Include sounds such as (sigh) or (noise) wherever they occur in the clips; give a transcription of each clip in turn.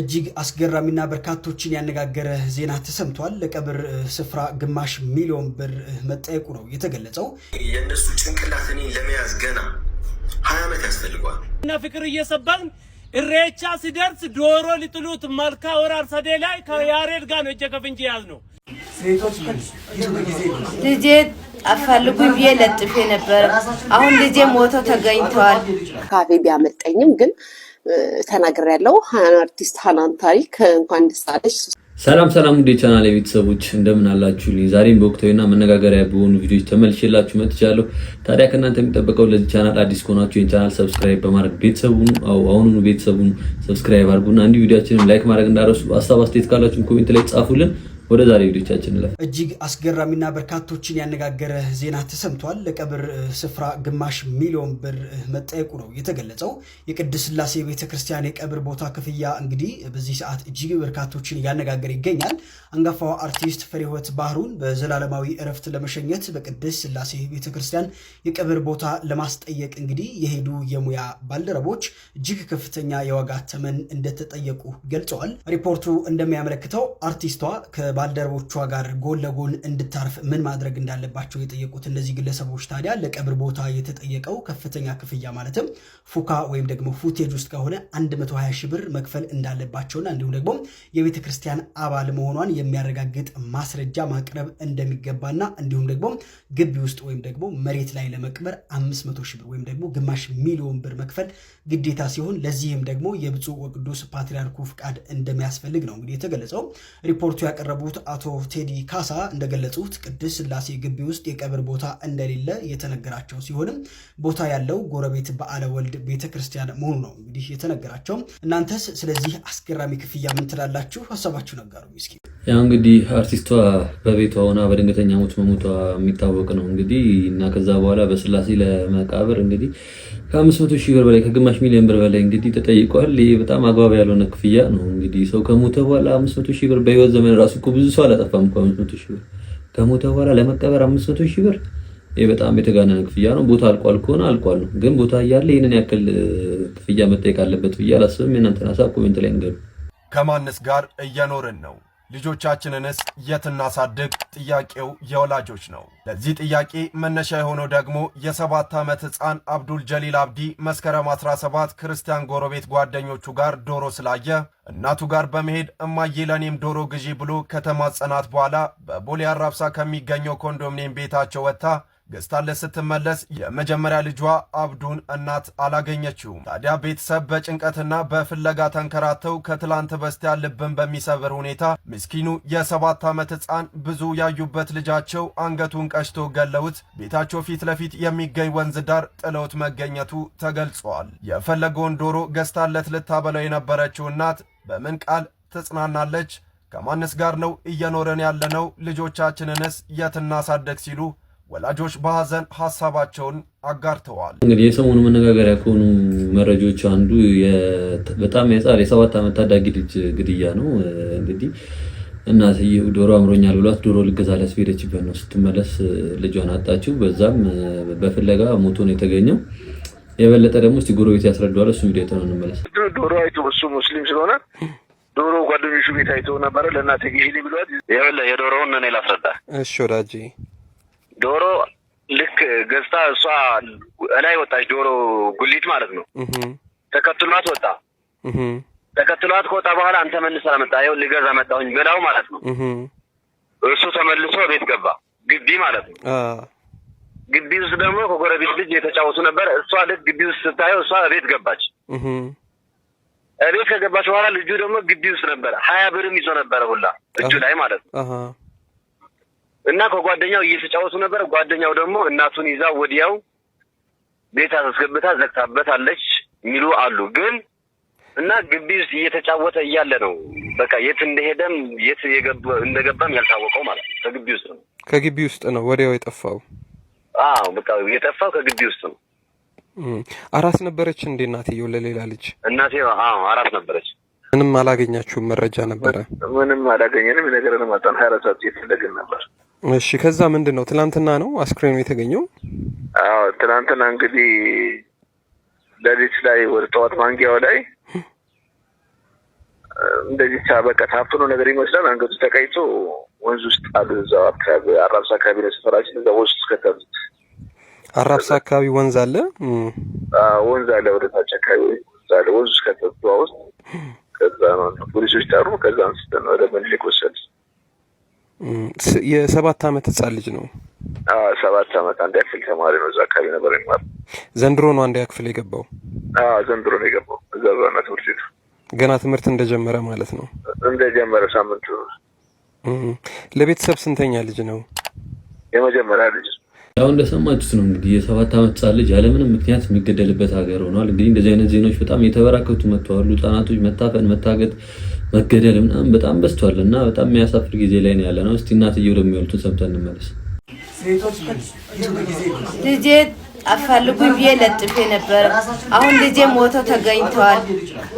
እጅግ አስገራሚና በርካቶችን ያነጋገረ ዜና ተሰምቷል። ለቀብር ስፍራ ግማሽ ሚሊዮን ብር መጠየቁ ነው የተገለጸው። የእነሱ ጭንቅላት እኔ ለመያዝ ገና ሀያ ዓመት ያስፈልገዋል እና ፍቅር እየሰባን እሬቻ ሲደርስ ዶሮ ሊጥሉት መልካ ወር አርሰዴ ላይ ከያሬድ ጋር ነው እጀ ከፍንጅ ያዝ ነው ልጄ አፋልጉኝ ብዬ ለጥፌ ነበር። አሁን ልጄ ሞቶ ተገኝተዋል። ካፌ ቢያመጠኝም ግን ተናግር ያለው አርቲስት ሀናን ታሪክ እንኳን ደስ ሰላም ሰላም፣ ውድ ቻናል የቤተሰቦች እንደምን አላችሁልኝ? ዛሬም በወቅታዊና መነጋገሪያ በሆኑ ቪዲዮዎች ተመልሼላችሁ መጥቻለሁ። ታዲያ ከእናንተ የሚጠበቀው ለዚህ ቻናል አዲስ ከሆናችሁ ይህን ቻናል ሰብስክራይብ በማድረግ ቤተሰቡን አሁኑኑ ቤተሰቡን ሰብስክራይብ አድርጉና እንዲህ ቪዲዮችንም ላይክ ማድረግ እንዳረሱ፣ ሀሳብ አስተያየት ካላችሁም ኮሜንት ላይ ጻፉልን። ወደ ዛሬ ቪዲዮቻችን ለ እጅግ አስገራሚና በርካቶችን ያነጋገረ ዜና ተሰምቷል። ለቀብር ስፍራ ግማሽ ሚሊዮን ብር መጠየቁ ነው የተገለጸው። የቅድስት ስላሴ ቤተክርስቲያን የቀብር ቦታ ክፍያ እንግዲህ በዚህ ሰዓት እጅግ በርካቶችን እያነጋገረ ይገኛል። አንጋፋው አርቲስት ፍሬሕይወት ባህሩን በዘላለማዊ እረፍት ለመሸኘት በቅድስት ስላሴ ቤተክርስቲያን የቀብር ቦታ ለማስጠየቅ እንግዲህ የሄዱ የሙያ ባልደረቦች እጅግ ከፍተኛ የዋጋ ተመን እንደተጠየቁ ገልጸዋል። ሪፖርቱ እንደሚያመለክተው አርቲስቷ ባልደረቦቿ ጋር ጎን ለጎን እንድታርፍ ምን ማድረግ እንዳለባቸው የጠየቁት እነዚህ ግለሰቦች ታዲያ ለቀብር ቦታ የተጠየቀው ከፍተኛ ክፍያ ማለትም ፉካ ወይም ደግሞ ፉቴጅ ውስጥ ከሆነ 120 ሺህ ብር መክፈል እንዳለባቸውና እንዲሁም ደግሞ የቤተ ክርስቲያን አባል መሆኗን የሚያረጋግጥ ማስረጃ ማቅረብ እንደሚገባና እንዲሁም ደግሞ ግቢ ውስጥ ወይም ደግሞ መሬት ላይ ለመቅበር 500 ሺህ ብር ወይም ደግሞ ግማሽ ሚሊዮን ብር መክፈል ግዴታ ሲሆን ለዚህም ደግሞ የብፁዕ ወቅዱስ ፓትርያርኩ ፍቃድ እንደሚያስፈልግ ነው እንግዲህ የተገለጸው ሪፖርቱ ያቀረቡት የነበሩት አቶ ቴዲ ካሳ እንደገለጹት ቅድስት ስላሴ ግቢ ውስጥ የቀብር ቦታ እንደሌለ የተነገራቸው ሲሆንም ቦታ ያለው ጎረቤት በዓለ ወልድ ቤተ ክርስቲያን መሆኑ ነው እንግዲህ የተነገራቸው። እናንተስ ስለዚህ አስገራሚ ክፍያ ምን ትላላችሁ? ሀሳባችሁ ነገሩ። እስኪ ያው እንግዲህ አርቲስቷ በቤቷ ሆና በድንገተኛ ሞት መሞቷ የሚታወቅ ነው እንግዲህ እና ከዛ በኋላ በስላሴ ለመቃብር እንግዲህ ከአምስት መቶ ሺህ ብር በላይ ከግማሽ ሚሊዮን ብር በላይ እንግዲህ ተጠይቋል። ይህ በጣም አግባብ ያልሆነ ክፍያ ነው። እንግዲህ ሰው ከሞተ በኋላ አምስት መቶ ሺህ ብር በህይወት ዘመን ራሱ ብዙ ሰው አላጠፋም እኮ አምስት መቶ ሺህ ብር ከሞተ በኋላ ለመቀበር አምስት መቶ ሺህ ብር ይህ በጣም የተጋነነ ክፍያ ነው። ቦታ አልቋል ከሆነ አልቋል ነው። ግን ቦታ እያለ ይህንን ያክል ክፍያ መጠየቅ አለበት ብዬ አላስብም። የእናንተን ሀሳብ ኮሜንት ላይ እንገሩ። ከማንስ ጋር እየኖርን ነው? ልጆቻችንንስ የት እናሳድግ? ጥያቄው የወላጆች ነው። ለዚህ ጥያቄ መነሻ የሆነው ደግሞ የሰባት ዓመት ሕፃን አብዱል ጀሊል አብዲ መስከረም 17 ክርስቲያን ጎረቤት ጓደኞቹ ጋር ዶሮ ስላየ እናቱ ጋር በመሄድ እማዬ ለእኔም ዶሮ ግዢ ብሎ ከተማጸናት በኋላ በቦሌ አራብሳ ከሚገኘው ኮንዶሚኒየም ቤታቸው ወጥታ ገዝታለት ስትመለስ የመጀመሪያ ልጇ አብዱን እናት አላገኘችውም። ታዲያ ቤተሰብ በጭንቀትና በፍለጋ ተንከራተው ከትላንት በስቲያ ልብን በሚሰብር ሁኔታ ምስኪኑ የሰባት ዓመት ሕፃን ብዙ ያዩበት ልጃቸው አንገቱን ቀሽቶ ገለውት ቤታቸው ፊት ለፊት የሚገኝ ወንዝ ዳር ጥለውት መገኘቱ ተገልጿል። የፈለገውን ዶሮ ገዝታለት ልታበለው የነበረችው እናት በምን ቃል ትጽናናለች? ከማንስ ጋር ነው እየኖረን ያለነው? ልጆቻችንንስ የት እናሳደግ ሲሉ ወላጆች በሀዘን ሀሳባቸውን አጋርተዋል። እንግዲህ የሰሞኑ መነጋገሪያ ከሆኑ መረጃዎች አንዱ በጣም የጻር የሰባት ዓመት ታዳጊ ልጅ ግድያ ነው። እንግዲህ እናትየው ዶሮ አምሮኛል ብሏት ዶሮ ልገዛ ላስሄደችበት ነው። ስትመለስ ልጇን አጣችው። በዛም በፍለጋ ሞቶ ነው የተገኘው። የበለጠ ደግሞ እስቲ ጎረቤት ያስረዳዋል። እሱ ቪዲዮ ነው እንመለስ። ዶሮ አይቶ እሱ ሙስሊም ስለሆነ ዶሮ ጓደኞቹ ቤት አይቶ ነበረ። ለእናቴ ግዢ ብሏት የበለ የዶሮውን እኔ ላስረዳ። እሺ ወዳጄ ዶሮ ልክ ገዝታ እሷ እላይ ወጣች፣ ዶሮ ጉሊት ማለት ነው። ተከትሏት ወጣ። ተከትሏት ከወጣ በኋላ አንተ መልሰህ መጣ፣ ይኸው ልገዛ መጣሁኝ በላው ማለት ነው። እሱ ተመልሶ ቤት ገባ፣ ግቢ ማለት ነው። ግቢ ውስጥ ደግሞ ከጎረቤት ልጅ የተጫወቱ ነበር። እሷ ልክ ግቢ ውስጥ ስታየው እሷ እቤት ገባች። እቤት ከገባች በኋላ ልጁ ደግሞ ግቢ ውስጥ ነበረ። ሀያ ብርም ይዞ ነበረ ሁላ እጁ ላይ ማለት ነው። እና ከጓደኛው እየተጫወቱ ነበር። ጓደኛው ደግሞ እናቱን ይዛ ወዲያው ቤት አስገብታ ዘግታበታለች የሚሉ አሉ። ግን እና ግቢ ውስጥ እየተጫወተ እያለ ነው በቃ የት እንደሄደም የት እንደገባም ያልታወቀው ማለት ነው። ከግቢ ውስጥ ነው ከግቢ ውስጥ ነው ወዲያው የጠፋው። አዎ በቃ የጠፋው ከግቢ ውስጥ ነው። አራስ ነበረች እንዴ እናትየው? ለሌላ ልጅ እናትየው? አዎ አራስ ነበረች። ምንም አላገኛችሁም? መረጃ ነበረ? ምንም አላገኘንም። ነገርንም አጣን። ሀያ አራት ሰዓት እየፈለግን ነበር። እሺ፣ ከዛ ምንድን ነው ትላንትና ነው አስክሬኑ የተገኘው? አዎ፣ ትላንትና እንግዲህ ሌሊት ላይ ወደ ጠዋት ማንጊያው ላይ እንደዚህ በቃ ታፍኖ ነው ነገር ይመስላል። አንገቱ ተቀይቶ ወንዝ ውስጥ አሉ። እዛው አካባቢ አራብሳ አካባቢ ነው ሰፈራችን። እዛ ወንዝ ውስጥ ከተቱት። አራብሳ አካባቢ ወንዝ አለ፣ ወንዝ አለ፣ ወደ ታች አካባቢ ወንዝ አለ። ወንዝ ውስጥ ከተቱት ውስጥ ከዛ ነው ፖሊሶች ጠሩ። ከዛ አንስተን ወደ መልክ ወሰድ የሰባት አመት ህጻን ልጅ ነው። ሰባት አመት አንድ ያክፍል ተማሪ ነው። እዛ አካባቢ ነበር ይማር። ዘንድሮ ነው አንድ ያክፍል የገባው። ዘንድሮ ነው የገባው። እዛ ዛና ትምህርት ቤቱ ገና ትምህርት እንደጀመረ ማለት ነው። እንደጀመረ ሳምንቱ። ለቤተሰብ ስንተኛ ልጅ ነው? የመጀመሪያ ልጅ ያው እንደሰማችሁት ነው እንግዲህ የሰባት ዓመት ህጻን ልጅ ያለምንም ምክንያት የሚገደልበት ሀገር ሆኗል። እንግዲህ እንደዚህ አይነት ዜናዎች በጣም የተበራከቱ መጥተዋሉ። ህጻናቶች መታፈን፣ መታገት መገደል ምናምን በጣም በዝቷል እና በጣም የሚያሳፍር ጊዜ ላይ ነው ያለ ነው። እስቲ እናትየው ደግሞ የሚሉትን ሰምተን እንመለስ። ልጄ አፋልጉ ብዬ ለጥፌ ነበረ። አሁን ልጄ ሞተው ተገኝተዋል።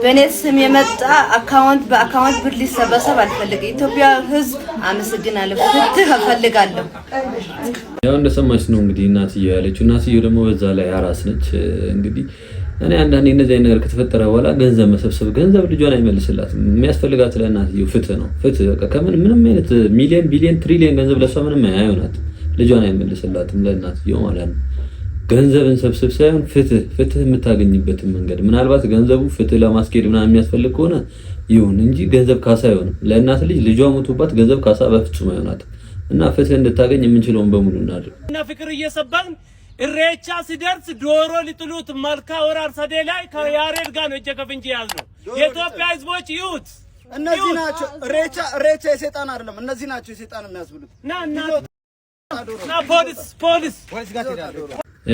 በእኔ ስም የመጣ አካውንት በአካውንት ብር ሊሰበሰብ አልፈልግ። ኢትዮጵያ ሕዝብ አመሰግናለሁ። ፍትህ እፈልጋለሁ። ያው እንደሰማች ነው እንግዲህ እናትየው ያለችው። እናትየው ደግሞ በዛ ላይ አራስ ነች እንግዲህ እኔ አንዳንዴ እነዚህ አይነት ነገር ከተፈጠረ በኋላ ገንዘብ መሰብሰብ ገንዘብ ልጇን አይመልስላትም። የሚያስፈልጋት ለእናትየው ፍትህ ነው። ፍትህ በቃ ከምን ምንም አይነት ሚሊዮን፣ ቢሊዮን፣ ትሪሊዮን ገንዘብ ለእሷ ምንም አይሆናት፣ ልጇን አይመልስላትም ለእናትየው ማለት ነው። ገንዘብን ሰብስብ ሳይሆን ፍትህ ፍትህ የምታገኝበትን መንገድ ምናልባት ገንዘቡ ፍትህ ለማስኬድ ምናምን የሚያስፈልግ ከሆነ ይሁን እንጂ ገንዘብ ካሳ አይሆንም። ለእናት ልጅ ልጇ ሞቶባት ገንዘብ ካሳ በፍጹም አይሆናትም እና ፍትህ እንድታገኝ የምንችለውን በሙሉ እናድርግ እና ፍቅር እየሰባን እሬቻ ሲደርስ ዶሮ ሊጥሉት መልካ ወራር ሰዴ ላይ ከያሬድ ጋር ነው እጀ ከፍንጅ ያዝነው። የኢትዮጵያ ህዝቦች ይዩት። እነዚህ ናቸው። እሬቻ እሬቻ የሰይጣን አይደለም። እነዚህ ናቸው የሰይጣን የሚያስብሉት። ና ና ና፣ ፖሊስ ፖሊስ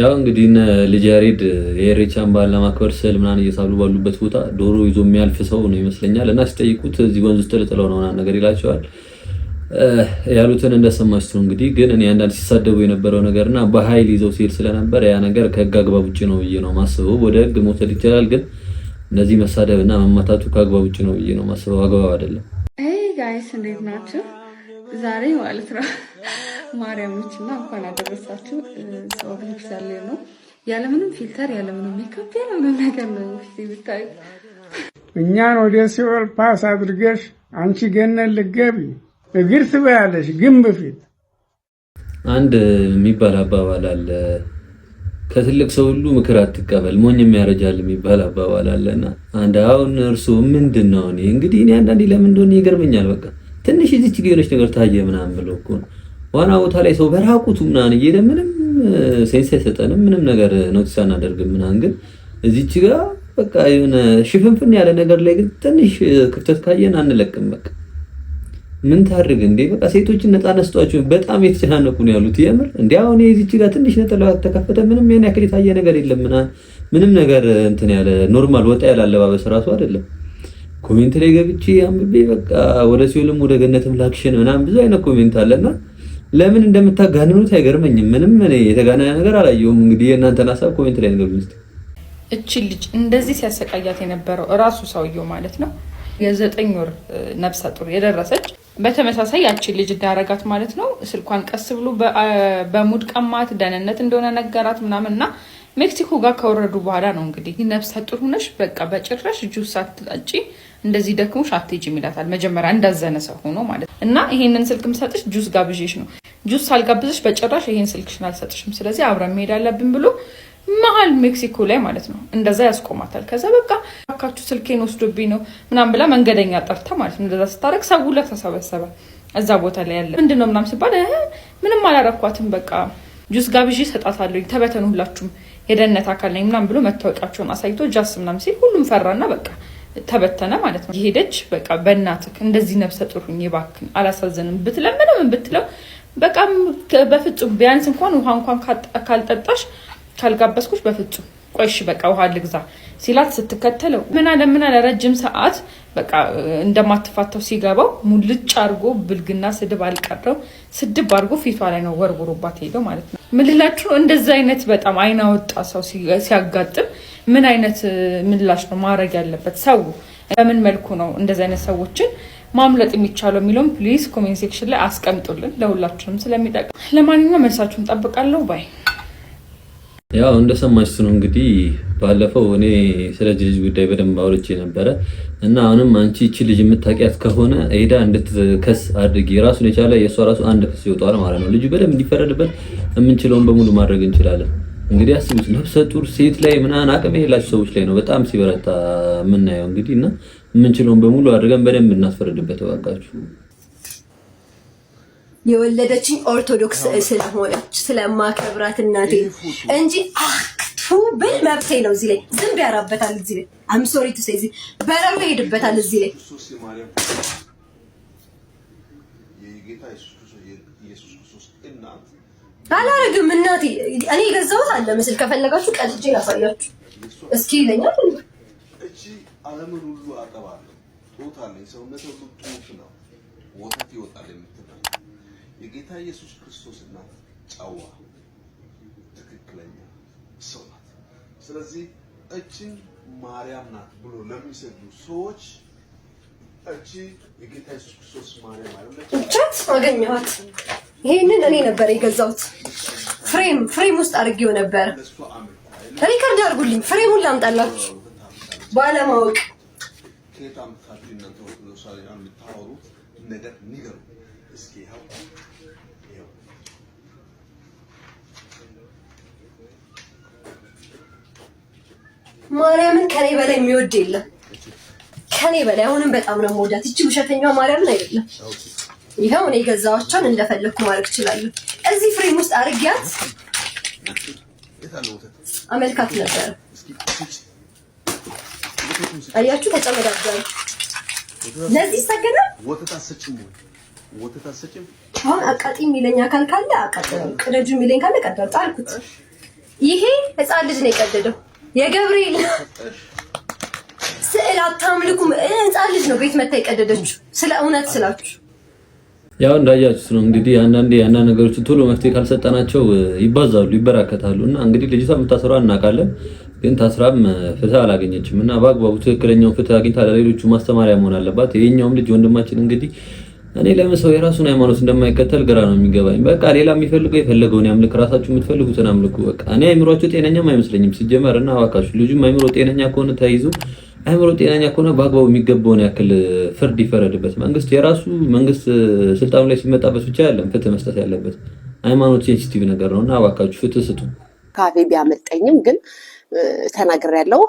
ያው እንግዲህ ልጅ ያሬድ የኢሬቻን በዓል ለማክበር ስዕል ምናምን እየሳሉ ባሉበት ቦታ ዶሮ ይዞ የሚያልፍ ሰው ነው ይመስለኛል። እና ሲጠይቁት እዚህ ወንዝ ውስጥ ልጥለው ነው ምናምን ነገር ይላቸዋል። ያሉትን እንደሰማችሁ እንግዲህ ግን እኔ አንዳንድ ሲሳደቡ የነበረው ነገርና በኃይል ይዘው ሲሄድ ስለነበር ያ ነገር ከህግ አግባብ ውጭ ነው ብዬ ነው ማስበው። ወደ ህግ መውሰድ ይቻላል፣ ግን እነዚህ መሳደብና መማታቱ ከአግባብ ውጭ ነው ብዬ ነው ማስበው። አግባብ አይደለም። ጋይስ እንዴት ናችሁ? ዛሬ ማለት ነው (laughs) ማርያሞች እና እንኳን አደረሳችሁ። ሰው ያለ ነው ያለምንም ፊልተር ያለምንም ሜካፕ ያለምንም ነገር ነው ብታዩት እኛን ወደ ሲኦል ፓስ አድርገሽ አንቺ ገነን ልገቢ እግር ስበያለሽ ግንብ ፊት። አንድ የሚባል አባባል አለ፣ ከትልቅ ሰው ሁሉ ምክር አትቀበል ሞኝም ያረጃል የሚባል አባባል አለና አንድ አሁን እርሱ ምንድን ነው? እኔ እንግዲህ እኔ አንዳንዴ ለምን እንደሆነ ይገርመኛል። በቃ ትንሽ እዚች የሆነች ነገር ታየ ምናምን ብሎ እኮ ነው ዋና ቦታ ላይ ሰው በራቁቱ ምናምን እየሄደ ምንም ሴንስ አይሰጠንም፣ ምንም ነገር ኖቲስ አናደርግም ምናምን። ግን እዚች ጋር በቃ የሆነ ሽፍንፍን ያለ ነገር ላይ ግን ትንሽ ክፍተት ካየን አንለቅም በቃ ምን ታድርግ እንዴ? በቃ ሴቶችን ነፃነት ስጧቸው። በጣም የተጨናነቁ ነው ያሉት። የምር እንዲ አሁን የዚች ጋር ትንሽ ነጠላ ተከፈተ፣ ምንም ያን ያክል የታየ ነገር የለም። ምንም ነገር እንትን ያለ ኖርማል ወጣ ያለ አለባበስ ራሱ አይደለም። ኮሜንት ላይ ገብቼ አንብቤ በቃ ወደ ሲኦልም ወደ ገነትም ላክሽን ምናምን ብዙ አይነት ኮሜንት አለና ለምን እንደምታጋንኑት አይገርመኝም። ምንም እኔ የተጋነነ ነገር አላየሁም። እንግዲህ የእናንተን ሀሳብ ኮሜንት ላይ ነገር ውስጥ እቺ ልጅ እንደዚህ ሲያሰቃያት የነበረው እራሱ ሰውየው ማለት ነው። የዘጠኝ ወር ነፍሰ ጡር በተመሳሳይ ያቺን ልጅ እንዳረጋት ማለት ነው። ስልኳን ቀስ ብሎ በሙድ ቀማት፣ ደህንነት እንደሆነ ነገራት ምናምን እና ሜክሲኮ ጋር ከወረዱ በኋላ ነው እንግዲህ ነፍሰ ጡር ሆነሽ በቃ በጭራሽ ጁስ አትጣጪ እንደዚህ ደክሞሽ አትሄጂም ይላታል። መጀመሪያ እንዳዘነ ሰው ሆኖ ማለት ነው። እና ይሄንን ስልክ ምሰጥሽ ጁስ ጋብዤሽ ነው። ጁስ ሳልጋብዝሽ በጭራሽ ይሄን ስልክሽን አልሰጥሽም። ስለዚህ አብረን መሄድ አለብን ብሎ መሀል ሜክሲኮ ላይ ማለት ነው። እንደዛ ያስቆማታል። ከዛ በቃ አካችሁ ስልኬን ወስዶብኝ ነው ምናም ብላ መንገደኛ ጠርታ ማለት ነው። እንደዛ ስታደርግ ሰው ተሰበሰበ እዛ ቦታ ላይ ያለ ምንድን ነው ምናም ሲባል ምንም አላረኳትም፣ በቃ ጁስ ጋብዤ እሰጣታለሁ፣ ተበተኑ ሁላችሁም የደህንነት አካል ነኝ ምናም ብሎ መታወቂያቸውን አሳይቶ ጃስ ምናም ሲል ሁሉም ፈራና በቃ ተበተነ ማለት ነው። የሄደች በቃ በእናትህ እንደዚህ ነፍሰ ጥሩኝ ባክ እባክህን አላሳዘንም ብትለምንም ብትለው በቃ በፍጹም ቢያንስ እንኳን ውሃ እንኳን ካልጠጣሽ ካልጋበዝኩሽ በፍጹም ቆይሽ በቃ ውሃ ልግዛ ሲላት ስትከተለው ምና ለምና ለረጅም ሰዓት በቃ እንደማትፋተው ሲገባው ሙልጭ አርጎ ብልግና ስድብ አልቀረው ስድብ አርጎ ፊቷ ላይ ነው ወርውሮባት ሄደው ማለት ነው። ምልላችሁ እንደዚህ አይነት በጣም አይና ወጣ ሰው ሲያጋጥም ምን አይነት ምላሽ ነው ማድረግ ያለበት? ሰው በምን መልኩ ነው እንደዚህ አይነት ሰዎችን ማምለጥ የሚቻለው የሚለውን ፕሊዝ ኮሜንት ሴክሽን ላይ አስቀምጡልን፣ ለሁላችንም ስለሚጠቅም። ለማንኛውም መልሳችሁን ጠብቃለሁ ባይ ያው እንደሰማች ነው እንግዲህ ባለፈው እኔ ስለ ልጅ ጉዳይ በደንብ አውርቼ ነበረ እና አሁንም አንቺ እቺ ልጅ የምታውቂያት ከሆነ ኤዳ እንድትከስ አድርጊ። ራሱን የቻለ የእሷ ራሱ አንድ ክስ ይወጣል ማለት ነው። ልጁ በደንብ እንዲፈረድበት የምንችለውን በሙሉ ማድረግ እንችላለን። እንግዲህ አስቡት፣ ነፍሰ ጡር ሴት ላይ ምናምን አቅም የሌላቸው ሰዎች ላይ ነው በጣም ሲበረታ የምናየው እንግዲህ እና የምንችለውን በሙሉ አድርገን በደንብ እናስፈረድበት እባካችሁ። የወለደችኝ ኦርቶዶክስ ስለሆነች ስለማከብራት እናቴ እንጂ አክቱ ብል መብቴ ነው። እዚህ ላይ ዝንብ ያራበታል። እዚህ ላይ አም ሶሪ ቱ ሴዚ በረሩ ይሄድበታል። እዚህ ላይ አላረግም እናቴ እኔ የገዛሁት አለ ምስል ከፈለጋችሁ ቀልጄ ያሳያችሁ እስኪ ይለኛል። እቺ አለምን ሁሉ አጠባለሁ ጦታለኝ ሰውነት ሁሉ ጡት ነው ወተት ይወጣል። የጌታ ኢየሱስ ክርስቶስ እናት ጨዋ፣ ትክክለኛ ሰው ናት። ስለዚህ እችን ማርያም ናት ብሎ ለሚሰዱ ሰዎች እቺ የጌታ ኢየሱስ ክርስቶስ ማርያም አይደለች። ብቻት አገኘኋት። ይሄንን እኔ ነበር የገዛሁት። ፍሬም ፍሬም ውስጥ አድርጌው ነበር። ሪከርድ አድርጉልኝ። ፍሬሙን ላምጣላችሁ ባለማወቅ ከየት አምጥታችሁ እናንተ ነገር ንገሩ እስኪ ያው ያው ማርያምን ከኔ በላይ የሚወድ የለም። ከኔ በላይ አሁንም በጣም ነው የምወዳት። እቺ ውሸተኛዋ ማርያምን አይደለም። ይኸው እኔ ገዛዋቸውን እንደፈለግኩ ማድረግ እችላለሁ። እዚህ ፍሬም ውስጥ አርጊያት አመልካት ነበረ። አያችሁ፣ ተጨመዳጃሉ። ለዚህ ይሰገዳል። ወተት አትሰጭም? አሁን አቃጢም የሚለኝ አካል ካለ አቃጥም፣ ቅደጁ የሚለኝ ካለ ቀደው ጣልኩት። ይሄ ህፃን ልጅ ነው የቀደደው። የገብርኤል ስዕል አታምልኩም። ህፃን ልጅ ነው ቤት መታ የቀደደችው። ስለ እውነት ስላችሁ ያው እንዳያችሁት ነው እንግዲህ። አንዳንዴ አንዳንድ ነገሮችን ቶሎ መፍትሄ ካልሰጠናቸው ይባዛሉ፣ ይበራከታሉ። እና እንግዲህ ልጅቷ የምታስረው እናውቃለን፣ ግን ታስራም ፍትህ አላገኘችም እና በአግባቡ ትክክለኛውን ፍትህ አግኝታ ለሌሎቹ ማስተማሪያ መሆን አለባት። ይሄኛውም ልጅ ወንድማችን እንግዲህ እኔ ለምን ሰው የራሱን ሃይማኖት እንደማይከተል ግራ ነው የሚገባኝ። በቃ ሌላ የሚፈልገው የፈለገውን ያምልክ፣ ራሳችሁ የምትፈልጉትን አምልኩ። በቃ እኔ አይምሯችሁ ጤነኛም አይመስለኝም ሲጀመር እና አዋካችሁ ልጁም አይምሮ ጤነኛ ከሆነ ተይዞ አይምሮ ጤነኛ ከሆነ በአግባቡ የሚገባውን ያክል ፍርድ ይፈረድበት። መንግስት የራሱ መንግስት ስልጣኑ ላይ ሲመጣበት ብቻ ያለም ፍትህ መስጠት ያለበት ሃይማኖት ሴንሲቲቭ ነገር ነው እና አዋካችሁ ፍትህ ስጡ። ካፌ ቢያመልጠኝም ግን ተናግሬያለሁ።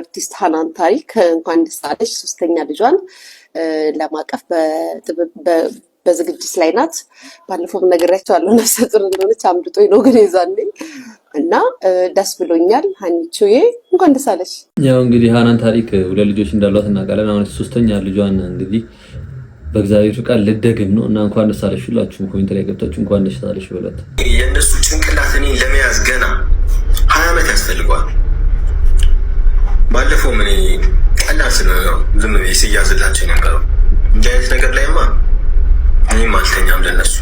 አርቲስት ሀናን ታሪክ እንኳን ደስ አለሽ ሶስተኛ ልጇን ለማቀፍ በዝግጅት ላይ ናት። ባለፈው ነግሬያቸዋለሁ ነፍሰ ጡር እንደሆነች አምድጦ ነው ግን ይዛልኝ እና ደስ ብሎኛል። ሀኒቹዬ እንኳን ደስ አለሽ። ያው እንግዲህ ሀናን ታሪክ ሁለት ልጆች እንዳሏት እናውቃለን። አሁን ሶስተኛ ልጇን እንግዲህ በእግዚአብሔር ፍቃድ ልደግም ነው እና እንኳን ደስ አለሽ ሁላችሁም ኮሜንት ላይ ገብታችሁ እንኳን ደስ አለሽ በለት። የእነሱ ጭንቅላት እኔ ለመያዝ ገና ሀያ ዓመት ያስፈልጓል። ባለፈው ምን ቀላል ስለሆነ ነው ዝም ብዬ ስያዝላቸው የነበረው እንጂ አይነት ነገር ላይማ እኔም አልተኛም ለነሱ።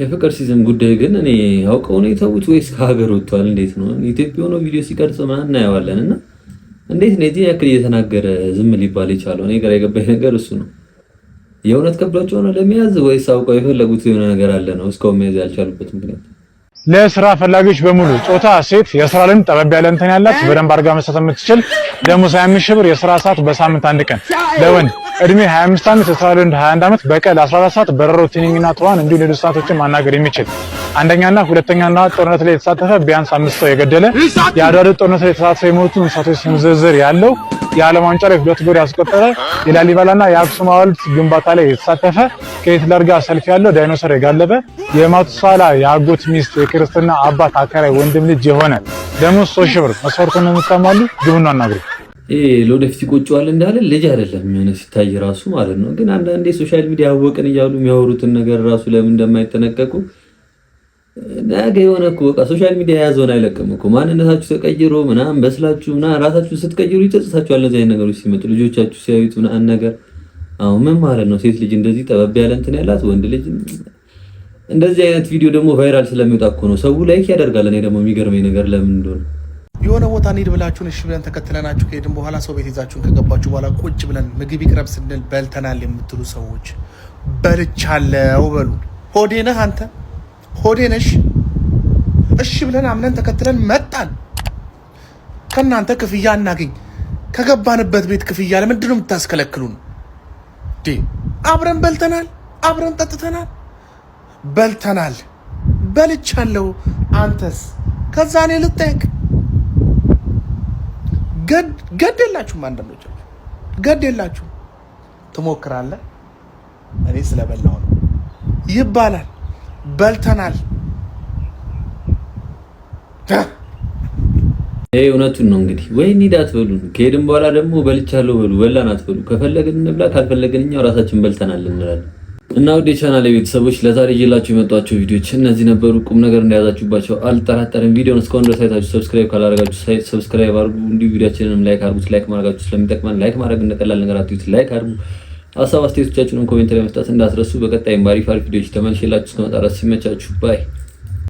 የፍቅር ሲዝም ጉዳይ ግን እኔ አውቀው ነው የተውት ወይስ ከሀገር ወጥቷል? እንዴት ነው ኢትዮጵያ ሆኖ ቪዲዮ ሲቀርጽ እናየዋለን እና እንዴት ነው የዚህ ያክል እየተናገረ ዝም ሊባል የቻለው? እኔ ግራ የገባኝ ነገር እሱ ነው። የእውነት ከብዷቸው ነው ለመያዝ ወይስ አውቀው የፈለጉት የሆነ ነገር አለ ነው እስካሁን መያዝ ያልቻሉበት ምክንያት ለስራ ፈላጊዎች በሙሉ ጾታ ሴት የስራ ልምድ ጠበብ ያለ እንትን ያላት በደንብ አድርጋ መስራት የምትችል ደሞዝ 25 ብር የስራ ሰዓት በሳምንት አንድ ቀን ለወንድ እድሜ 25 ዓመት የስራ ልምድ 21 ዓመት በቀን 14 ሰዓት በረሮ ትንኝና ትዋን እንዲሁ ሌሎች ሰዓቶችን ማናገር የሚችል አንደኛና ሁለተኛና ጦርነት ላይ የተሳተፈ ቢያንስ አምስት ሰው የገደለ የአድዋ ጦርነት ላይ የተሳተፈ የሞቱ እንስሳቶች ስም ዝርዝር ያለው የዓለም ዋንጫ ላይ ሁለት ጎል ያስቆጠረ የላሊበላና የአክሱም ሐውልት ግንባታ ላይ የተሳተፈ ከሂትለር ጋር ሰልፍ ያለው ዳይኖሰር የጋለበ የማቱሳላ የአጎት ሚስት የክርስትና አባት አከራይ ወንድም ልጅ የሆነ ደሞዝ ሶስት ሺህ ብር መስፈርቱን የምታሟሉ ግቡና አናግሩ። ለወደፊት ይቆጨዋል እንዳለ ልጅ አይደለም የሆነ ሲታይ ራሱ ማለት ነው። ግን አንዳንዴ ሶሻል ሚዲያ አወቅን እያሉ የሚያወሩትን ነገር ራሱ ለምን እንደማይጠነቀቁ ነገ የሆነ እኮ በቃ ሶሻል ሚዲያ የያዘውን አይለቅም እኮ ማንነታችሁ ተቀይሮ ምናምን በስላችሁ ምናምን ራሳችሁ ስትቀይሩ ይጸጽታችኋል። እነዚህ አይነት ነገሮች ሲመጡ ልጆቻችሁ ሲያዩት ምናምን ነገር አሁን ምን ማለት ነው? ሴት ልጅ እንደዚህ ጠበብ ያለ እንትን ያላት ወንድ ልጅ እንደዚህ አይነት ቪዲዮ ደግሞ ቫይራል ስለሚወጣ እኮ ነው ሰው ላይክ ያደርጋል። እኔ ደግሞ የሚገርመኝ ነገር ለምን እንደሆነ የሆነ ቦታ እንሂድ ብላችሁን እሺ ብለን ተከትለናችሁ ከሄድን በኋላ ሰው ቤት ይዛችሁን ከገባችሁ በኋላ ቁጭ ብለን ምግብ ይቅረብ ስንል በልተናል የምትሉ ሰዎች በልቻለው በሉ ሆዴ ነህ አንተ ሆዴነሽ እሺ ብለን አምነን ተከትለን መጣን። ከእናንተ ክፍያ እናገኝ። ከገባንበት ቤት ክፍያ ለምንድን ነው የምታስከለክሉን? አብረን በልተናል፣ አብረን ጠጥተናል፣ በልተናል፣ በልቻለሁ። አንተስ? ከዛ እኔ ልጠየቅ ገድ የላችሁም። አንዳንዶች ገድ የላችሁም። ትሞክራለህ። እኔ ስለበላሁ ነው ይባላል። በልተናል። ይሄ እውነቱን ነው። እንግዲህ ወይ ኒዳ አትበሉ፣ ከሄድን በኋላ ደግሞ በልቻለሁ በሉ፣ በላን አትበሉ። ከፈለግን እንብላ፣ ካልፈለግን እኛው ራሳችን በልተናል እንላለን። እና ወደ ቻናል ቤተሰቦች ለዛሬ ይዤላችሁ የመጧቸው ቪዲዮዎች እነዚህ ነበሩ። ቁም ነገር እንደያዛችሁባቸው አልጠራጠርም። ቪዲዮን እስከሆን ድረስ አይታችሁ ሰብስክራይብ ካላደረጋችሁ ሰብስክራይብ አድርጉ። እንዲሁ ቪዲዮችንንም ላይክ አድርጉት። ላይክ ማድረጋችሁ ስለሚጠቅመን ላይክ ማድረግ እንደቀላል ነገር አትዩት። ላይክ አድርጉ። ሀሳብ አስተያየቶቻችሁንም ኮሜንት ላይ መስጠት እንዳትረሱ። በቀጣይም ባሪፍ አሪፍ ቪዲዮች ተመልሼላችሁ እስከመጣ ድረስ ሲመቻችሁ ባይ